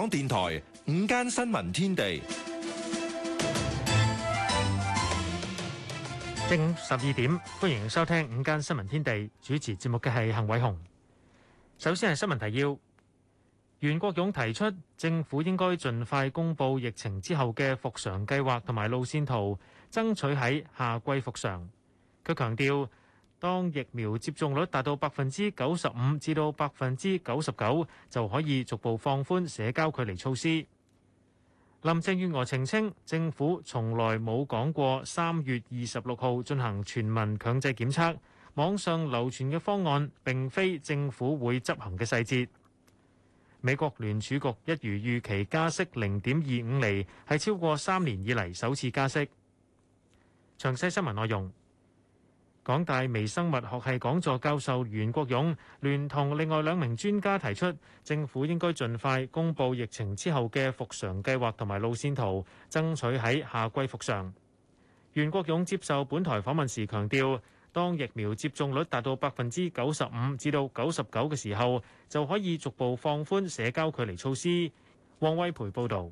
港電台午間新聞天地，正午十二點，歡迎收聽午間新聞天地。主持節目嘅係陳偉雄。首先係新聞提要，袁國勇提出政府應該盡快公布疫情之後嘅復常計劃同埋路線圖，爭取喺夏季復常。佢強調。當疫苗接種率達到百分之九十五至到百分之九十九，就可以逐步放寬社交距離措施。林鄭月娥澄清清，政府從來冇講過三月二十六號進行全民強制檢測，網上流傳嘅方案並非政府會執行嘅細節。美國聯儲局一如預期加息零點二五厘，係超過三年以嚟首次加息。詳細新聞內容。港大微生物學系講座教授袁國勇聯同另外兩名專家提出，政府應該盡快公布疫情之後嘅復常計劃同埋路綫圖，爭取喺夏季復常。袁國勇接受本台訪問時強調，當疫苗接種率達到百分之九十五至到九十九嘅時候，就可以逐步放寬社交距離措施。黃威培報道。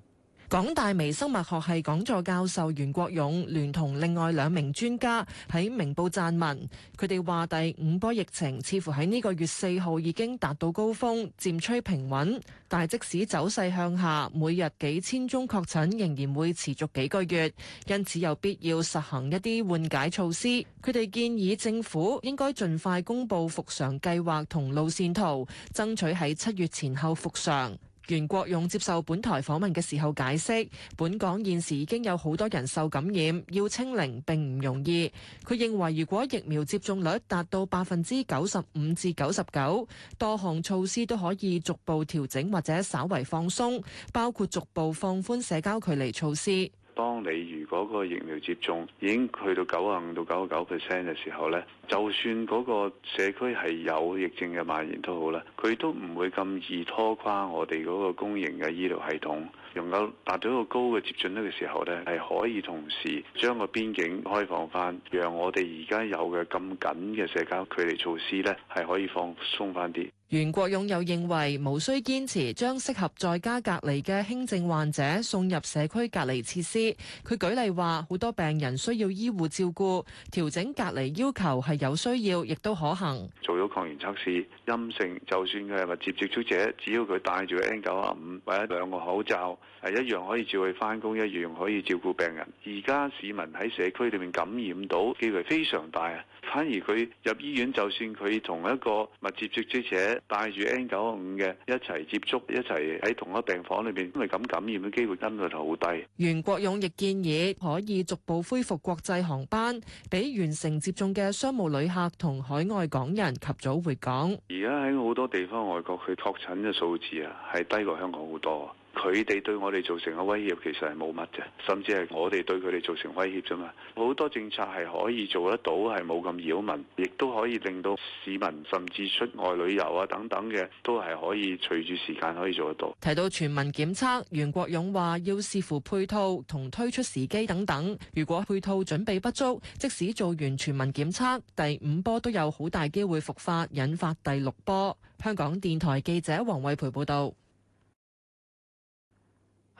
港大微生物學系講座教授袁國勇聯同另外兩名專家喺明報撰文，佢哋話第五波疫情似乎喺呢個月四號已經達到高峰，漸趨平穩，但係即使走勢向下，每日幾千宗確診仍然會持續幾個月，因此有必要實行一啲緩解措施。佢哋建議政府應該盡快公布復常計劃同路線圖，爭取喺七月前後復常。袁國勇接受本台訪問嘅時候解釋，本港現時已經有好多人受感染，要清零並唔容易。佢認為，如果疫苗接種率達到百分之九十五至九十九，多項措施都可以逐步調整或者稍為放鬆，包括逐步放寬社交距離措施。當你如果個疫苗接種已經去到九啊五到九十九 percent 嘅時候呢，就算嗰個社區係有疫症嘅蔓延好都好啦，佢都唔會咁易拖垮我哋嗰個公營嘅醫療系統，能夠達到一個高嘅接種率嘅時候呢，係可以同時將個邊境開放翻，讓我哋而家有嘅咁緊嘅社交距離措施呢，係可以放鬆翻啲。袁國勇又認為無需堅持將適合在家隔離嘅輕症患者送入社區隔離設施。佢舉例話，好多病人需要醫護照顧，調整隔離要求係有需要，亦都可行。做咗抗原測試陰性，就算佢係密切接觸者，只要佢戴住 N 九啊五或者兩個口罩，係一樣可以照去翻工，一樣可以照顧病人。而家市民喺社區裡面感染到機會非常大啊！反而佢入醫院，就算佢同一個密切接觸者帶住 N95 嘅一齊接觸，一齊喺同一病房裏邊，因為咁感染嘅機會，根本就好低。袁國勇亦建議可以逐步恢復國際航班，俾完成接種嘅商務旅客同海外港人及早回港。而家喺好多地方外國，佢確診嘅數字啊，係低過香港好多。佢哋對我哋造成嘅威脅其實係冇乜嘅，甚至係我哋對佢哋造成威脅啫嘛。好多政策係可以做得到，係冇咁擾民，亦都可以令到市民甚至出外旅遊啊等等嘅都係可以隨住時間可以做得到。提到全民檢測，袁國勇話要視乎配套同推出時機等等。如果配套準備不足，即使做完全民檢測，第五波都有好大機會復發，引發第六波。香港電台記者黃慧培報道。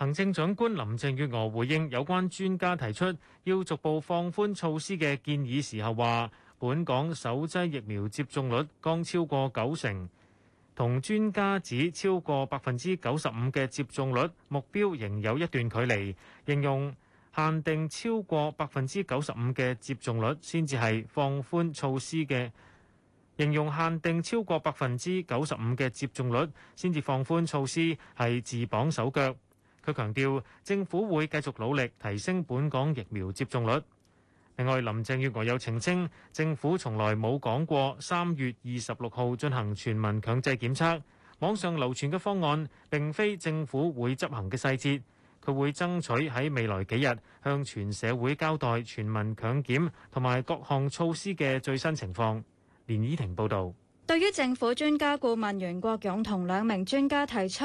行政長官林鄭月娥回應有關專家提出要逐步放寬措施嘅建議時候，話本港首劑疫苗接種率剛超過九成，同專家指超過百分之九十五嘅接種率目標仍有一段距離。形容限定超過百分之九十五嘅接種率先至係放寬措施嘅，形容限定超過百分之九十五嘅接種率先至放寬措施係自綁手腳。佢強調，政府會繼續努力提升本港疫苗接種率。另外，林鄭月娥又澄清，政府從來冇講過三月二十六號進行全民強制檢測。網上流傳嘅方案並非政府會執行嘅細節。佢會爭取喺未來幾日向全社會交代全民強檢同埋各項措施嘅最新情況。連依婷報導，對於政府專家顧問袁國勇同兩名專家提出。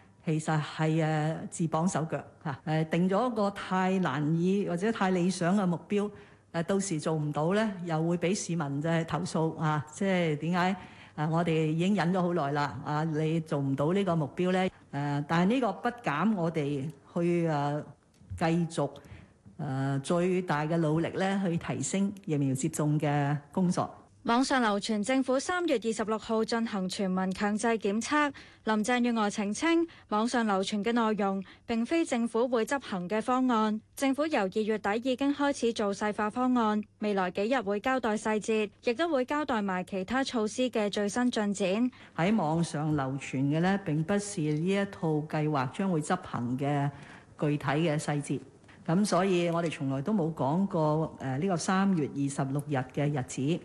其實係誒自綁手腳嚇誒定咗一個太難以或者太理想嘅目標誒，到時做唔到咧，又會俾市民就係投訴啊！即係點解誒？我哋已經忍咗好耐啦啊！你做唔到呢個目標咧誒？但係呢個不減我哋去誒繼續誒最大嘅努力咧，去提升疫苗接種嘅工作。網上流傳政府三月二十六號進行全民強制檢測，林鄭月娥澄清，清：網上流傳嘅內容並非政府會執行嘅方案。政府由二月底已經開始做細化方案，未來幾日會交代細節，亦都會交代埋其他措施嘅最新進展。喺網上流傳嘅呢，並不是呢一套計劃將會執行嘅具體嘅細節。咁所以我哋從來都冇講過誒呢個三月二十六日嘅日子。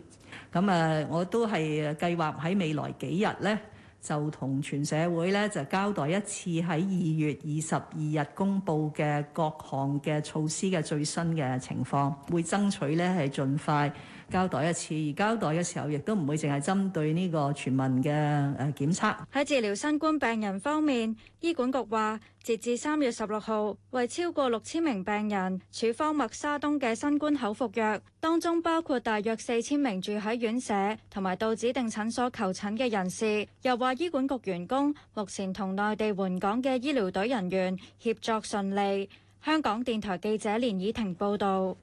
咁誒，我都係計劃喺未來幾日咧，就同全社會咧就交代一次喺二月二十二日公布嘅各項嘅措施嘅最新嘅情況，會爭取咧係盡快。交代一次，而交代嘅時候亦都唔會淨係針對呢個全民嘅誒檢測。喺治療新冠病人方面，醫管局話，截至三月十六號為超過六千名病人處方默沙東嘅新冠口服藥，當中包括大約四千名住喺院舍同埋到指定診所求診嘅人士。又話醫管局員工目前同內地援港嘅醫療隊人員協作順利。香港電台記者連倚婷報道。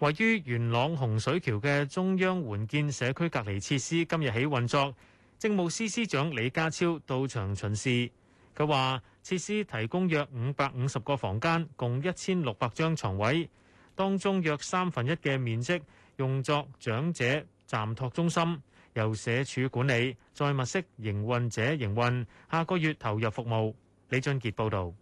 位於元朗洪水橋嘅中央援建社區隔離設施今日起運作，政務司司長李家超到場巡視。佢話：設施提供約五百五十個房間，共一千六百張床位，當中約三分一嘅面積用作長者暫托中心，由社署管理，再物色營運者營運，下個月投入服務。李俊傑報導。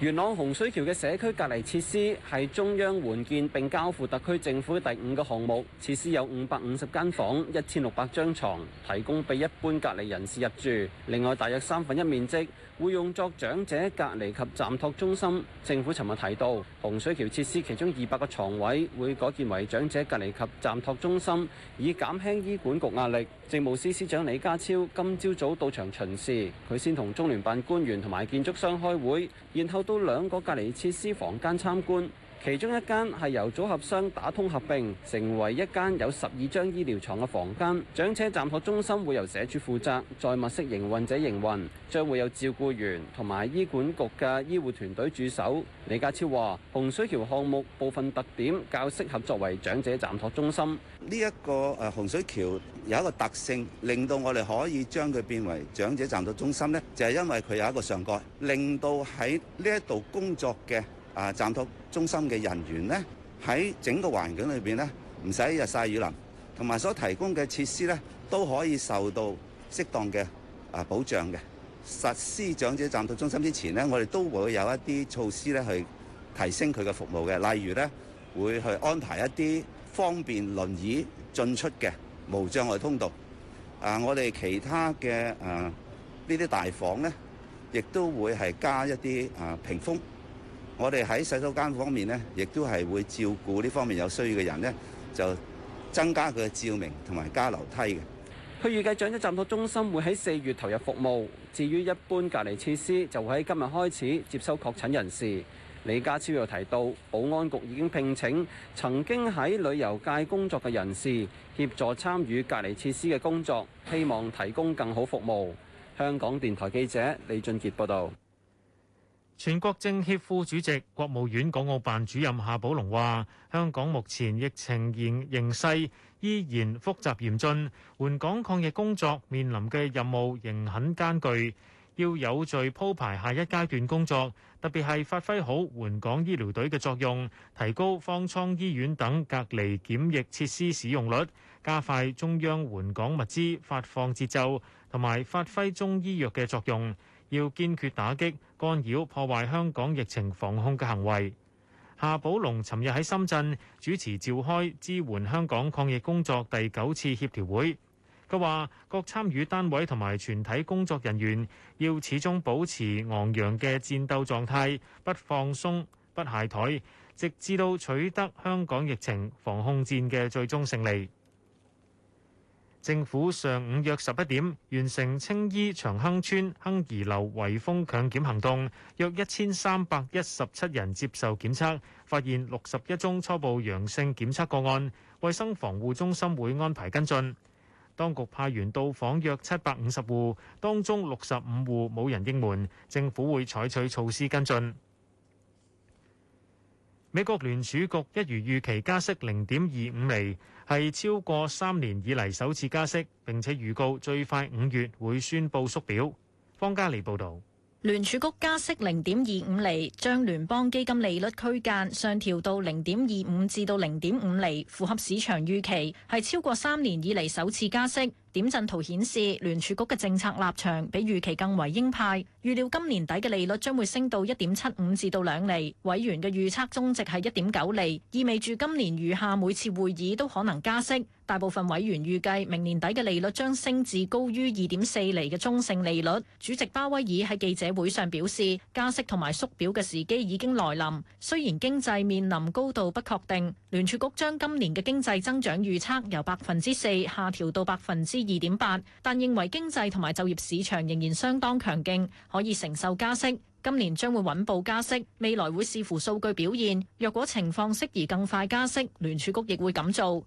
元朗洪水橋嘅社區隔離設施係中央援建並交付特區政府第五個項目，設施有五百五十間房，一千六百張床，提供俾一般隔離人士入住。另外，大約三分一面積會用作長者隔離及暫托中心。政府尋日提到，洪水橋設施其中二百個床位會改建為長者隔離及暫托中心，以減輕醫管局壓力。政務司司長李家超今朝早到場巡視，佢先同中聯辦官員同埋建築商開會，然後到兩個隔離設施房間參觀。其中一間係由組合商打通合併，成為一間有十二張醫療床嘅房間。長者暫託中心會由社署負責，在物色營運者營運，將會有照顧員同埋醫管局嘅醫護團隊駐守。李家超話：洪水橋項目部分特點較適合作為長者暫託中心。呢一個誒洪水橋有一個特性，令到我哋可以將佢變為長者暫託中心呢就係、是、因為佢有一個上蓋，令到喺呢一度工作嘅。啊！暫託中心嘅人員呢，喺整個環境裏邊呢，唔使日曬雨淋，同埋所提供嘅設施呢，都可以受到適當嘅啊保障嘅。實施長者暫託中心之前呢，我哋都會有一啲措施咧，去提升佢嘅服務嘅。例如呢，會去安排一啲方便輪椅進出嘅無障礙通道。啊，我哋其他嘅啊呢啲大房呢，亦都會係加一啲啊屏風。我哋喺洗手間方面呢，亦都係會照顧呢方面有需要嘅人呢就增加佢嘅照明同埋加樓梯嘅。佢預計長者暫託中心會喺四月投入服務，至於一般隔離設施就會喺今日開始接收確診人士。李家超又提到，保安局已經聘請曾經喺旅遊界工作嘅人士協助參與隔離設施嘅工作，希望提供更好服務。香港電台記者李俊傑報道。全國政協副主席、國務院港澳辦主任夏寶龍話：香港目前疫情形勢依然複雜嚴峻，援港抗疫工作面臨嘅任務仍很艱巨，要有序鋪排下一階段工作，特別係發揮好援港醫療隊嘅作用，提高方艙醫院等隔離檢疫設施使用率，加快中央援港物資發放節奏，同埋發揮中醫藥嘅作用。要堅決打擊干擾破壞香港疫情防控嘅行為。夏寶龍尋日喺深圳主持召開支援香港抗疫工作第九次協調會，佢話：各參與單位同埋全體工作人員要始終保持昂揚嘅戰鬥狀態，不放鬆、不懈怠，直至到取得香港疫情防控戰嘅最終勝利。政府上午約十一點完成青衣長亨村亨怡樓圍封強檢行動，約一千三百一十七人接受檢測，發現六十一宗初步陽性檢測個案，衛生防護中心會安排跟進。當局派員到訪約七百五十戶，當中六十五戶冇人應門，政府會採取措施跟進。美國聯儲局一如預期加息零點二五厘。係超過三年以嚟首次加息，並且預告最快五月會宣佈縮表。方家莉報導，聯儲局加息零點二五厘，將聯邦基金利率區間上調到零點二五至到零點五厘，符合市場預期，係超過三年以嚟首次加息。點陣圖顯示聯儲局嘅政策立場比預期更為鷹派，預料今年底嘅利率將會升到一點七五至到兩厘。委員嘅預測中值係一點九厘，意味住今年餘下每次會議都可能加息。大部分委員預計明年底嘅利率將升至高於二點四厘嘅中性利率。主席鮑威爾喺記者會上表示，加息同埋縮表嘅時機已經來臨。雖然經濟面臨高度不確定，聯儲局將今年嘅經濟增長預測由百分之四下調到百分之。二點八，8，但認為經濟同埋就業市場仍然相當強勁，可以承受加息。今年將會穩步加息，未來會視乎數據表現。若果情況適宜，更快加息，聯儲局亦會咁做。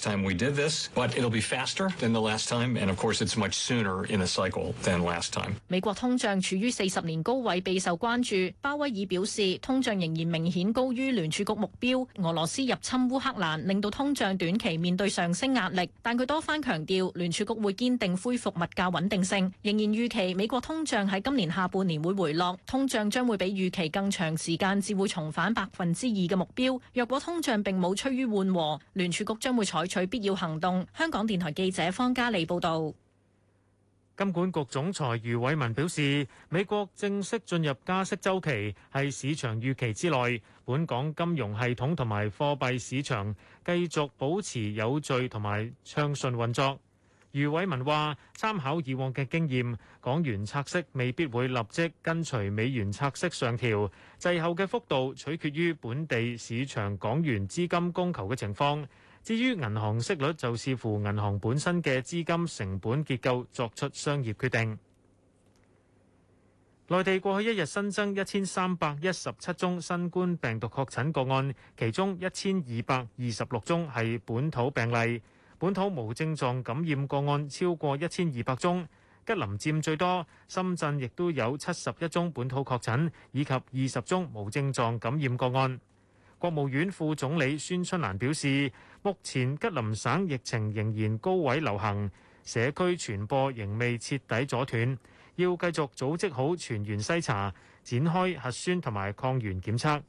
time we did this, but it'll be faster than the last time, and of course, it's much sooner in the cycle than last time. 美國通脹處於四十年高位，備受關注。鮑威爾表示，通脹仍然明顯高於聯儲局目標。俄羅斯入侵烏克蘭令到通脹短期面對上升壓力，但佢多番強調，聯儲局會堅定恢復物價穩定性。仍然預期美國通脹喺今年下半年會回落。通脹將會比預期更長時間至會重返百分之二嘅目標。若果通脹並冇趨於緩和，聯儲局將會採取必要行動。香港電台記者方嘉莉報道，金管局總裁余偉文表示，美國正式進入加息週期，喺市場預期之內。本港金融系統同埋貨幣市場繼續保持有序同埋暢順運作。余偉文話，參考以往嘅經驗，港元拆息未必會立即跟隨美元拆息上調，滯後嘅幅度取決於本地市場港元資金供求嘅情況。至於銀行息率，就視乎銀行本身嘅資金成本結構作出商業決定。內地過去一日新增一千三百一十七宗新冠病毒確診個案，其中一千二百二十六宗係本土病例，本土無症狀感染個案超過一千二百宗。吉林佔最多，深圳亦都有七十一宗本土確診，以及二十宗無症狀感染個案。國務院副總理孫春蘭表示：目前吉林省疫情仍然高位流行，社區傳播仍未徹底阻斷，要繼續組織好全員篩查，展開核酸同埋抗原檢測。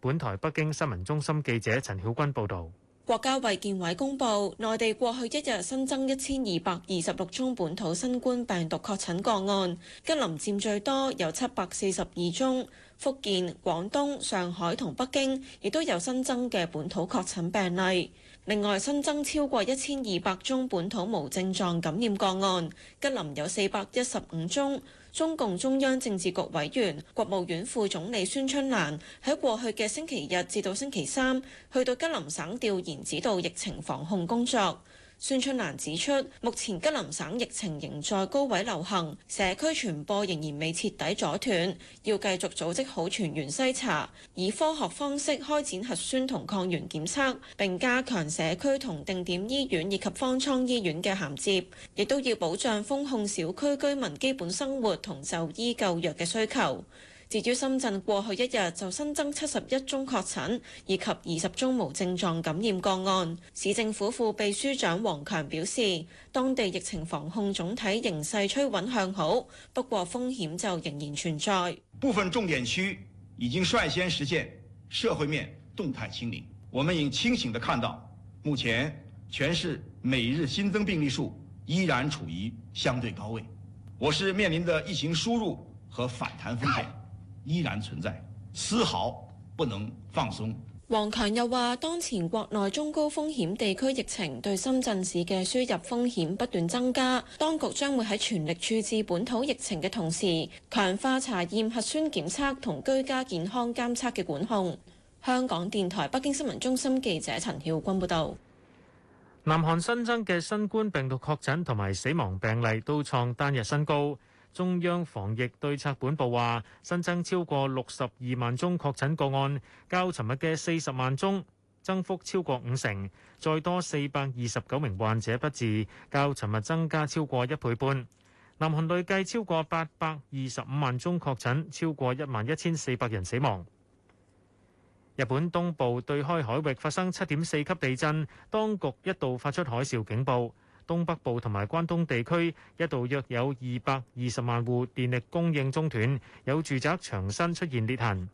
本台北京新聞中心記者陳曉君報道。國家衛健委公布，內地過去一日新增一千二百二十六宗本土新冠病毒確診個案，吉林佔最多，有七百四十二宗。福建、廣東、上海同北京亦都有新增嘅本土確診病例。另外新增超過一千二百宗本土無症狀感染個案，吉林有四百一十五宗。中共中央政治局委員、國務院副總理孫春蘭喺過去嘅星期日至到星期三去到吉林省調研指導疫情防控工作。孫春蘭指出，目前吉林省疫情仍在高位流行，社區傳播仍然未徹底阻斷，要繼續組織好全員篩查，以科學方式開展核酸同抗原檢測，並加強社區同定點醫院以及方艙醫院嘅銜接，亦都要保障封控小區居民基本生活同就醫救藥嘅需求。至於深圳過去一日就新增七十一宗確診以及二十宗無症狀感染個案，市政府副秘書長王強表示，當地疫情防控總體形勢趨穩向好，不過風險就仍然存在。部分重點區已經率先實現社會面動態清零，我們應清醒地看到，目前全市每日新增病例數依然處於相對高位，我市面臨的疫情輸入和反彈風險依然存在，絲毫不能放鬆。王強又話，當前國內中高風險地區疫情對深圳市嘅輸入風險不斷增加，當局將會喺全力處置本土疫情嘅同時，強化查驗核酸檢測同居家健康監測嘅管控。香港電台北京新聞中心記者陳曉君報道。南韓新增嘅新冠病毒確診同埋死亡病例都創單日新高。中央防疫對策本部話，新增超過六十二萬宗確診個案，較尋日嘅四十萬宗，增幅超過五成；再多四百二十九名患者不治，較尋日增加超過一倍半。南韓累計超過八百二十五萬宗確診，超過一萬一千四百人死亡。日本東部對開海域發生七點四級地震，當局一度發出海嘯警報。東北部同埋關東地區一度約有二百二十萬戶電力供應中斷，有住宅牆身出現裂痕。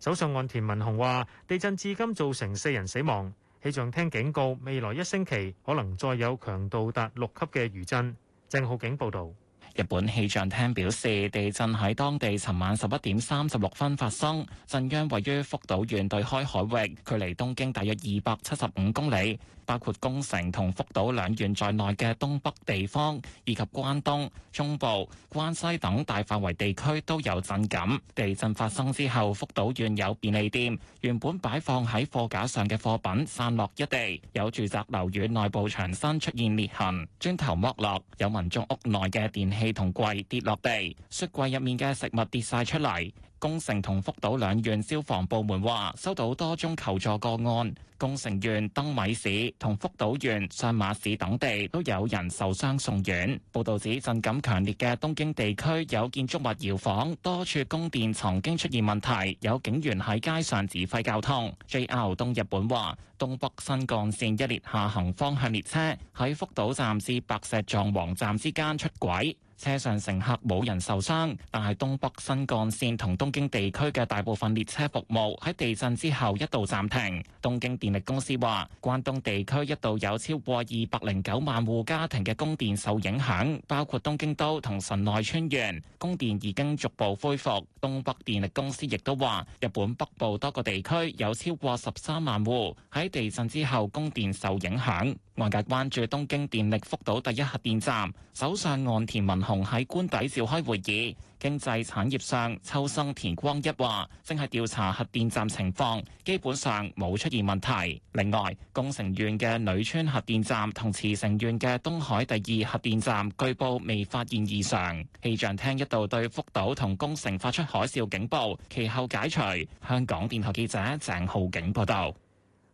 首相岸田文雄話：地震至今造成四人死亡。氣象廳警告，未來一星期可能再有強度達六級嘅餘震。鄭浩景報導。日本氣象廳表示，地震喺當地尋晚十一點三十六分發生，震央位於福島縣對開海域，距離東京大約二百七十五公里。包括宮城同福島兩縣在內嘅東北地方，以及關東、中部、關西等大範圍地區都有震感。地震發生之後，福島縣有便利店原本擺放喺貨架上嘅貨品散落一地，有住宅樓宇內部牆身出現裂痕，磚頭剝落，有民眾屋內嘅電器，同櫃跌落地，雪櫃入面嘅食物跌晒出嚟。宮城同福島兩縣消防部門話收到多宗求助個案，宮城縣登米市同福島縣上馬市等地都有人受傷送院。報道指震感強烈嘅東京地區有建築物搖晃，多處供電曾經出現問題，有警員喺街上指揮交通。JR 東日本話東北新幹線一列下行方向列車喺福島站至白石藏王站之間出軌。車上乘客冇人受傷，但係東北新幹線同東京地區嘅大部分列車服務喺地震之後一度暫停。東京電力公司話，關東地區一度有超過二百零九萬戶家庭嘅供電受影響，包括東京都同神奈川縣，供電已經逐步恢復。東北電力公司亦都話，日本北部多個地區有超過十三萬戶喺地震之後供電受影響。外界關注東京電力福島第一核電站，首相岸田文同喺官邸召開會議，經濟產業上，萩生田光一話正係調查核電站情況，基本上冇出現問題。另外，宮城縣嘅女川核電站同茨城縣嘅東海第二核電站據報未發現異常。氣象廳一度對福島同宮城發出海嘯警報，其後解除。香港電台記者鄭浩景報道。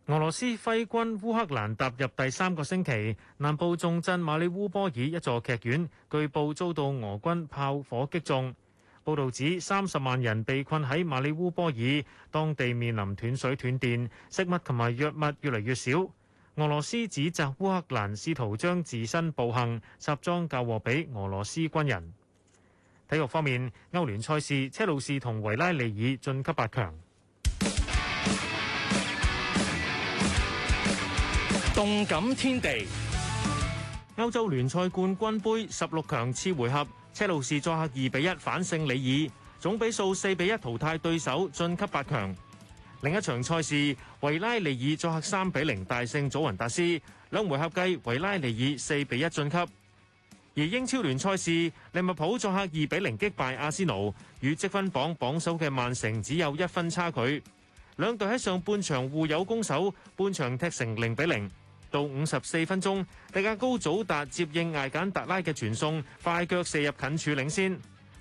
俄羅斯揮軍烏克蘭踏入第三個星期，南部重鎮馬里烏波爾一座劇院據報遭到俄軍炮火擊中。報道指三十萬人被困喺馬里烏波爾，當地面臨斷水斷電、食物同埋藥物越嚟越少。俄羅斯指責烏克蘭試圖將自身暴行、殺裝嫁禍俾俄羅斯軍人。體育方面，歐聯賽事車路士同維拉利爾晉級八強。動感天地，歐洲聯賽冠軍盃十六強次回合，車路士作客二比一反勝里爾，總比數四比一淘汰對手晉級八強。另一場賽事，維拉利爾作客三比零大勝祖雲達斯，兩回合計，維拉利爾四比一晉級。而英超聯賽事，利物浦作客二比零擊敗阿仙奴，與積分榜榜榜首嘅曼城只有一分差距。兩隊喺上半場互有攻守，半場踢成零比零。到五十四分鐘，迪亞高祖達接應艾簡達拉嘅傳送，快腳射入近柱領先。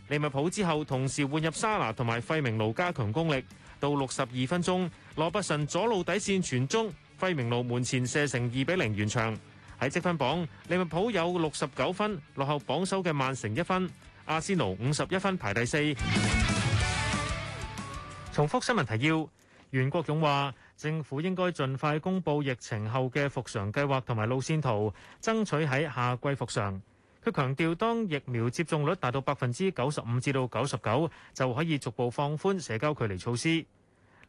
利物浦之後同時換入沙拿同埋費明奴加強攻力。到六十二分鐘，羅伯臣左路底線傳中，費明奴門前射成二比零完場。喺積分榜，利物浦有六十九分，落後榜首嘅曼城一分。阿仙奴五十一分排第四。 重複新聞提要，袁國勇話，政府應該盡快公布疫情後嘅復常計劃同埋路線圖，爭取喺夏季復常。佢強調，當疫苗接種率達到百分之九十五至到九十九，就可以逐步放寬社交距離措施。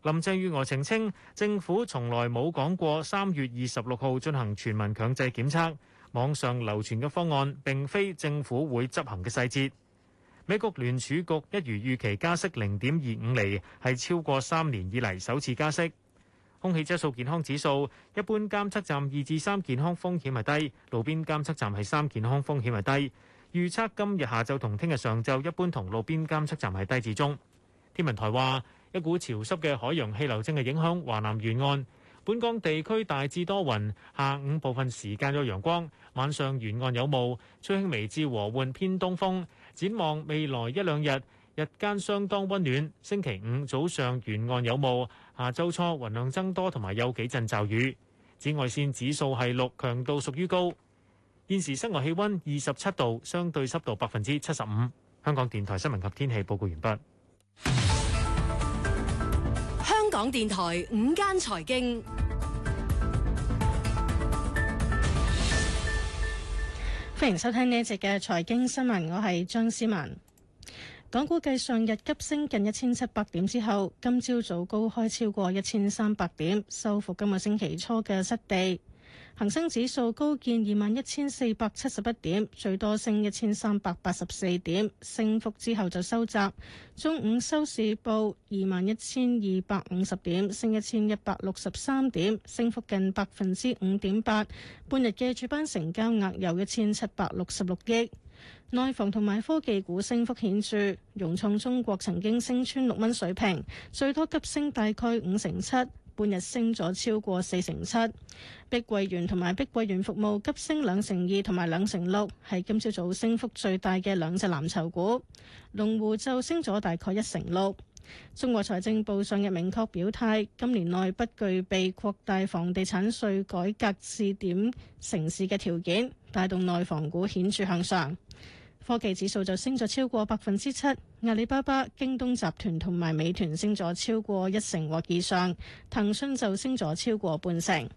林鄭月娥澄清，清，政府從來冇講過三月二十六號進行全民強制檢測，網上流傳嘅方案並非政府會執行嘅細節。美國聯儲局一如預期加息零點二五厘，係超過三年以嚟首次加息。空氣質素健康指數，一般監測站二至三，健康風險係低，路邊監測站係三，健康風險係低。預測今日下晝同聽日上晝，一般同路邊監測站係低至中。天文台話，一股潮濕嘅海洋氣流正係影響華南沿岸，本港地區大致多雲，下午部分時間有陽光，晚上沿岸有霧，吹輕微至和緩偏東風。展望未來一兩日，日間相當温暖。星期五早上沿岸有霧。下周初雲量增多，同埋有幾陣驟雨。紫外線指數係六，強度屬於高。現時室外氣温二十七度，相對濕度百分之七十五。香港電台新聞及天氣報告完畢。香港電台午間財經，歡迎收聽呢一節嘅財經新聞，我係張思文。港股繼上日急升近一千七百點之後，今朝早高開超過一千三百點，收復今個星期初嘅失地。恒生指數高見二萬一千四百七十一點，最多升一千三百八十四點，升幅之後就收窄。中午收市報二萬一千二百五十點，升一千一百六十三點，升幅近百分之五點八。半日嘅主板成交額有一千七百六十六億。內房同埋科技股升幅顯著，融創中國曾經升穿六蚊水平，最多急升大概五成七，半日升咗超過四成七。碧桂園同埋碧桂園服務急升兩成二同埋兩成六，係今朝早升幅最大嘅兩隻藍籌股。龍湖就升咗大概一成六。中國財政部上日明確表態，今年內不具備擴大房地產稅改革試點城市嘅條件，帶動內房股顯著向上。科技指數就升咗超過百分之七，阿里巴巴、京東集團同埋美團升咗超過一成或以上，騰訊就升咗超過半成。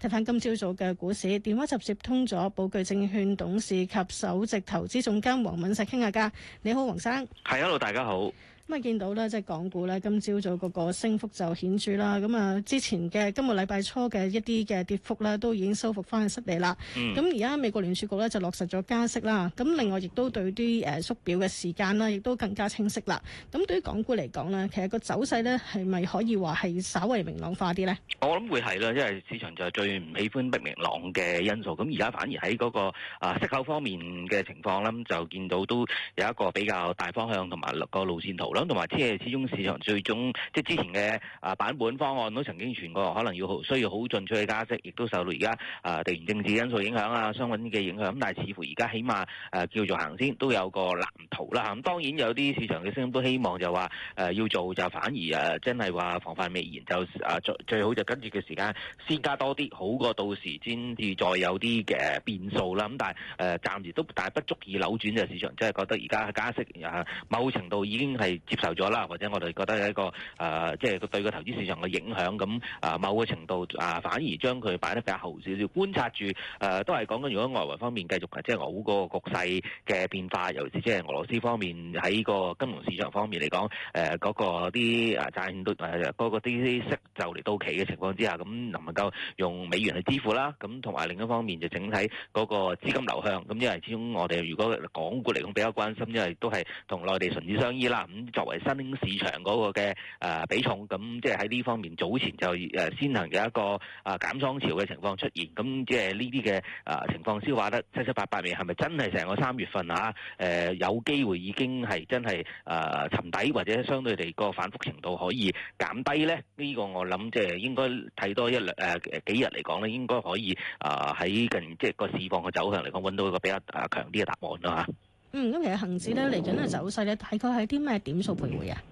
睇翻今朝早嘅股市，電話直接通咗，寶具證券董事及首席投資總監黃敏石傾下偈。你好，黃生，係 Hello，大家好。咁啊，見到咧，即係港股咧，今朝早嗰個升幅就顯著啦。咁啊，之前嘅今個禮拜初嘅一啲嘅跌幅咧，都已經收復翻去失地啦。咁而家美國聯儲局咧就落實咗加息啦。咁另外亦都對啲誒縮表嘅時間啦，亦都更加清晰啦。咁對於港股嚟講呢，其實個走勢呢，係咪可以話係稍為明朗化啲呢？我諗會係啦，因為市場就係最唔喜歡不明朗嘅因素。咁而家反而喺嗰個啊息口方面嘅情況咧，就見到都有一個比較大方向同埋個路線圖同埋即係始終市場最終即係之前嘅啊版本方案都曾經傳過，可能要需要好進取嘅加息，亦都受到而家啊地緣政治因素影響啊，相關嘅影響。咁、嗯、但係似乎而家起碼誒、啊、叫做行先，都有個藍圖啦。咁、嗯、當然有啲市場嘅聲音都希望就話誒、啊、要做，就反而誒、啊、真係話防範未然，就誒最、啊、最好就跟住嘅時間先加多啲，好過到時先至再有啲嘅變數啦。咁、嗯、但係誒、啊、暫時都但係不足以扭轉嘅市場，即、就、係、是、覺得而家嘅加息啊某程度已經係。接受咗啦，或者我哋覺得有一個，誒、呃，即係對個投資市場嘅影響，咁啊，某個程度啊、呃，反而將佢擺得比較後少少，觀察住誒、呃，都係講緊，如果外圍方面繼續，即係俄烏個局勢嘅變化，尤其是即係俄羅斯方面喺個金融市場方面嚟講誒個啲誒債券誒嗰個啲息就嚟到期嘅情況之下，咁能唔能夠用美元去支付啦？咁同埋另一方面就整體嗰個資金流向，咁、嗯、因為始終我哋如果港股嚟講比較關心，因為都係同內地唇齒相依啦，咁、啊。嗯嗯嗯嗯作為新興市場嗰個嘅誒比重，咁即係喺呢方面早前就誒先行有一個啊減倉潮嘅情況出現，咁即係呢啲嘅誒情況消化得七七八八。未係咪真係成個三月份啊？誒有機會已經係真係誒沉底，或者相對地個反覆程度可以減低咧？呢、呢個我諗即係應該睇多一兩誒幾日嚟講咧，應該可以啊喺近即係個市況嘅走向嚟講，揾到一個比較誒強啲嘅答案啦、啊、嚇。嗯，咁其實恆指呢嚟緊嘅走勢呢，嗯、大概係啲咩點數徘徊啊？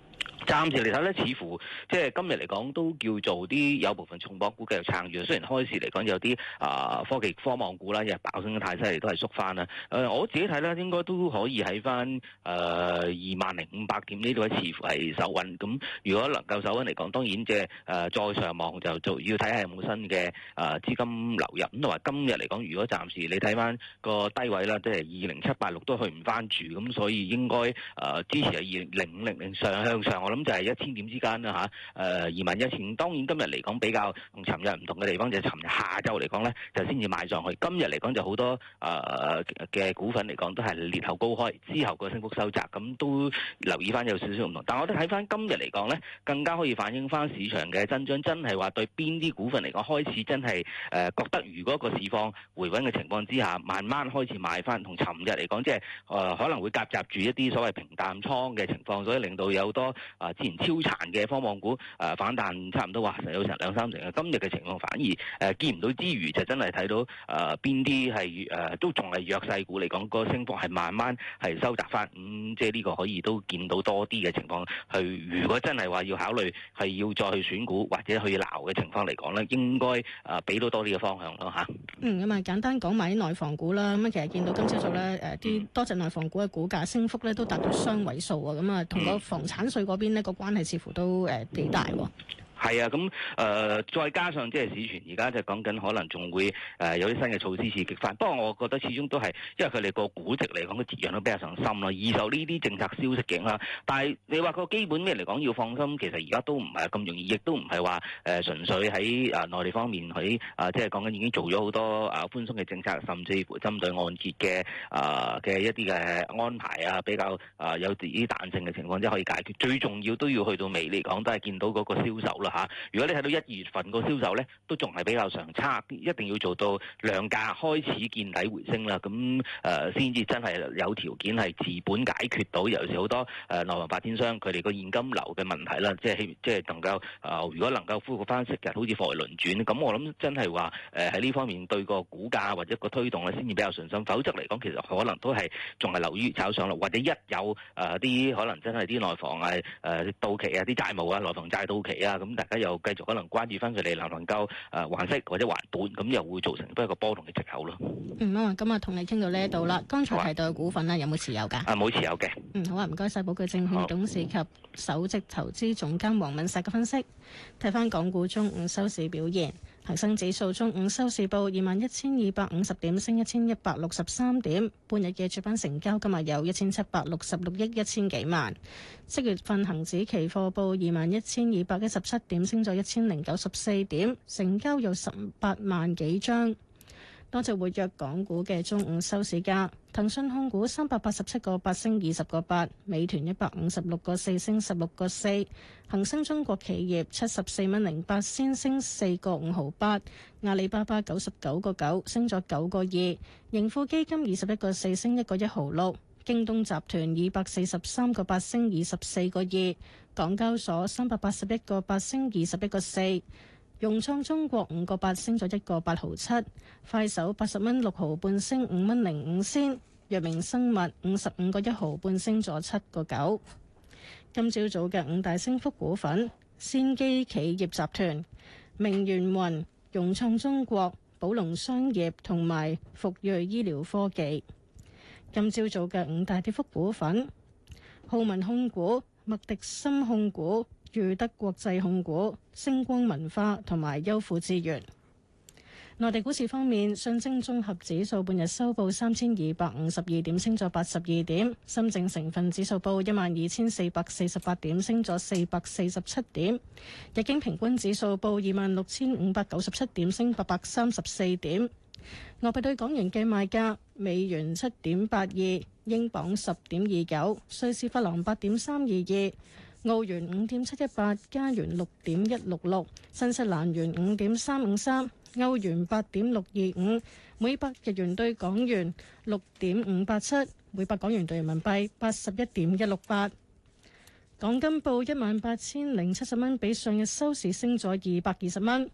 暫時嚟睇咧，似乎即係今日嚟講都叫做啲有部分重磅股繼續撐住。雖然開始嚟講有啲啊科技科網股啦，又係爆升得太犀利，都係縮翻啦。誒，我自己睇咧，應該都可以喺翻誒二萬零五百點呢度，位，似乎係守穩。咁如果能夠守穩嚟講，當然即係誒再上望就做要睇下有冇新嘅誒資金流入。咁同埋今日嚟講，如果暫時你睇翻個低位啦，即係二零七八六都去唔翻住，咁所以應該誒支持係二零五零零上向上咁就係一千點之間啦嚇，誒二萬一千。當然今日嚟講比較同尋日唔同嘅地方，就係尋日下晝嚟講咧，就先至買上去。今日嚟講就好多誒嘅股份嚟講都係裂口高開，之後個升幅收窄。咁都留意翻有少少唔同。但係我都睇翻今日嚟講咧，更加可以反映翻市場嘅增長，真係話對邊啲股份嚟講開始真係誒覺得，如果個市況回穩嘅情況之下，慢慢開始買翻。同尋日嚟講，即係誒可能會夾雜住一啲所謂平淡倉嘅情況，所以令到有多。啊！之前超殘嘅科網股，啊反彈差唔多，話成有成兩三成啊！今日嘅情況反而誒見唔到之餘，就真係睇到啊邊啲係誒都仲係弱勢股嚟講，個升幅係慢慢係收窄翻、嗯。咁即係呢個可以都見到多啲嘅情況。係如果真係話要考慮係要再去選股或者去撈嘅情況嚟講咧，應該啊俾到多啲嘅方向咯嚇。嗯，咁啊簡單講埋啲內房股啦。咁啊其實見到今朝早咧誒啲多隻內房股嘅股價升幅咧都達到雙位數啊！咁啊同個房產稅嗰邊。一個關係似乎都誒幾、呃、大。係啊，咁誒、呃、再加上即係市傳而家就係講緊，可能仲會誒、呃、有啲新嘅措施刺激翻。不過我覺得始終都係，因為佢哋個估值嚟講嘅折讓都比較上深咯。而受呢啲政策消息影響啦，但係你話個基本咩嚟講要放心，其實而家都唔係咁容易，亦都唔係話誒純粹喺誒內地方面喺啊，即係講緊已經做咗好多啊寬鬆嘅政策，甚至乎針對按揭嘅啊嘅一啲嘅安排啊，比較啊有自己彈性嘅情況，即、就係、可以解決。最重要都要去到尾嚟講，都係見到嗰個銷售量。吓，如果你睇到一月份個銷售咧，都仲係比較上差，一定要做到量價開始見底回升啦。咁誒先至真係有條件係自本解決到，尤其是好多誒內、呃、房發展商佢哋個現金流嘅問題啦。即係即係能夠誒、呃，如果能夠恢復翻息日好輪轉，好似貨幣輪轉咁，我諗真係話誒喺呢方面對個股價或者個推動咧先至比較信心。否則嚟講，其實可能都係仲係流於炒上落，或者一有誒啲、呃、可能真係啲內房係、啊、誒、呃、到期啊，啲債務啊，內房債到期啊咁。嗯嗯。大家又繼續可能關注翻佢哋能否夠誒還息或者還本，咁又會造成一個波動嘅藉口咯。嗯啊，咁啊，同你傾到呢度啦。剛才提到嘅股份啦，有冇持有㗎？啊，冇持有嘅。嗯，好啊，唔該晒，寶鉅證券董事及首席投資總監黃敏石嘅分析。睇翻港股中午收市表現。恒生指數中午收市報二萬一千二百五十點，升一千一百六十三點。半日嘅主板成交今日有一千七百六十六億一千幾萬。七月份恒指期貨報二萬一千二百一十七點，升咗一千零九十四點，成交有十八萬幾張。多隻活躍港股嘅中午收市價，騰訊控股三百八十七個八升二十個八，美團一百五十六個四升十六個四，恒生中國企業七十四蚊零八先升四個五毫八，阿里巴巴九十九個九升咗九個二，盈富基金二十一個四升一個一毫六，京東集團二百四十三個八升二十四個二，港交所三百八十一個八升二十一個四。融創中國五個八升咗一個八毫七，快手八十蚊六毫半升五蚊零五仙，藥明生物五十五個一毫半升咗七個九。今朝早嘅五大升幅股份：先機企業集團、明源雲、融創中國、寶龍商業同埋復銳醫療科技。今朝早嘅五大跌幅股份：浩文控股、麥迪森控股。裕德國際控股、星光文化同埋優富資源。內地股市方面，上證綜合指數半日收報三千二百五十二點，升咗八十二點；深證成分指數報一萬二千四百四十八點，升咗四百四十七點；日經平均指數報二萬六千五百九十七點，升八百三十四點。外幣對港元嘅賣價：美元七點八二，英鎊十點二九，瑞士法郎八點三二二。澳元五點七一八，加元六點一六六，新西蘭元五點三五三，歐元八點六二五，每百日元對港元六點五八七，每百港元對人民幣八十一點一六八。港金報一萬八千零七十蚊，比上日收市升咗二百二十蚊。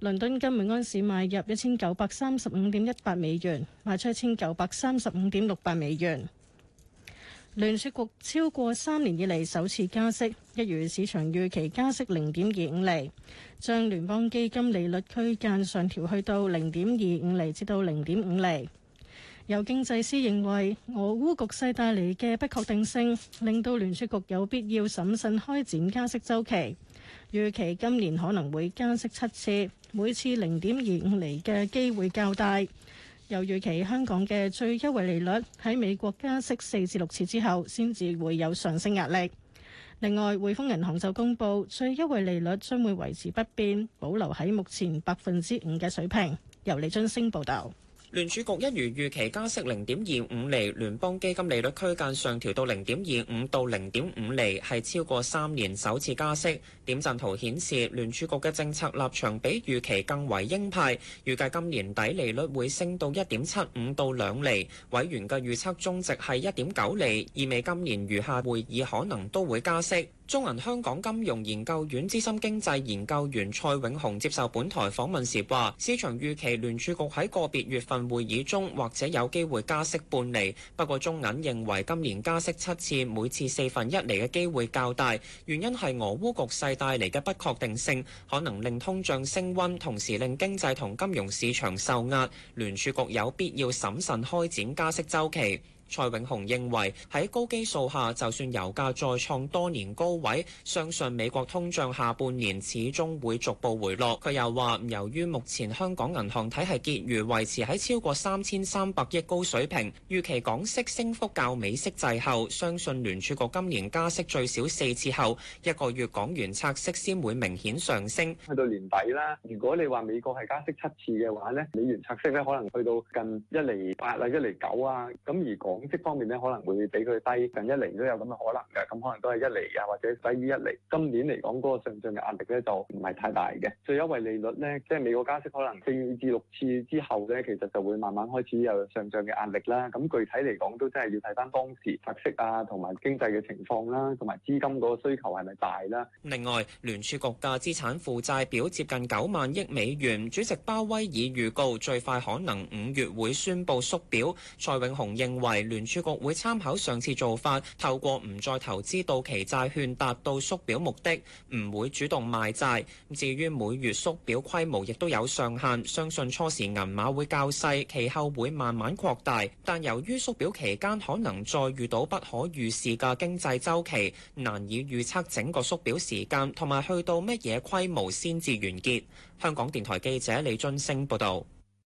倫敦金每安士買入一千九百三十五點一八美元，賣出一千九百三十五點六八美元。聯儲局超過三年以嚟首次加息，一如市場預期加息零點二五厘，將聯邦基金利率區間上調去到零點二五厘至到零點五厘。有經濟師認為，俄烏局勢帶嚟嘅不確定性，令到聯儲局有必要審慎開展加息周期，預期今年可能會加息七次，每次零點二五厘嘅機會較大。又預期，香港嘅最優惠利率喺美國加息四至六次之後，先至會有上升壓力。另外，匯豐銀行就公佈，最優惠利率將會維持不變，保留喺目前百分之五嘅水平。由李津升報導。聯儲局一如預期加息零點二五厘，聯邦基金利率區間上調到零點二五到零點五厘，係超過三年首次加息。點陣圖顯示聯儲局嘅政策立場比預期更為鷹派，預計今年底利率會升到一點七五到兩厘。委員嘅預測中值係一點九厘，意味今年餘下會議可能都會加息。中銀香港金融研究院資深經濟研究員蔡永雄接受本台訪問時話，市場預期聯儲局喺個別月份會議中或者有機會加息半厘，不過中銀認為今年加息七次，每次四分一厘嘅機會較大，原因係俄烏局勢帶嚟嘅不確定性，可能令通脹升溫，同時令經濟同金融市場受壓，聯儲局有必要審慎開展加息周期。蔡永雄認為喺高基數下，就算油價再創多年高位，相信美國通脹下半年始終會逐步回落。佢又話：由於目前香港銀行體系結餘維持喺超過三千三百億高水平，預期港息升幅較美息滯後，相信聯儲局今年加息最少四次後，一個月港元拆息先會明顯上升。去到年底啦，如果你話美國係加息七次嘅話呢，美元拆息呢可能去到近一釐八啊、一釐九啊，咁而港息方面咧，可能會比佢低，近一厘都有咁嘅可能嘅，咁可能都係一厘嘅，或者低於一厘。今年嚟講，嗰個上漲嘅壓力咧就唔係太大嘅。最優惠利率呢，即係美國加息可能四至六次之後咧，其實就會慢慢開始有上漲嘅壓力啦。咁具體嚟講，都真係要睇翻當時特色啊，同埋經濟嘅情況啦，同埋資金嗰個需求係咪大啦。另外，聯儲局嘅資產負債表接近九萬億美元，主席鮑威爾預告最快可能五月會宣布縮表。蔡永雄認為。聯儲局會參考上次做法，透過唔再投資到期債券達到縮表目的，唔會主動賣債。至於每月縮表規模亦都有上限，相信初時銀碼會較細，其後會慢慢擴大。但由於縮表期間可能再遇到不可預示嘅經濟周期，難以預測整個縮表時間同埋去到乜嘢規模先至完結。香港電台記者李津升報道。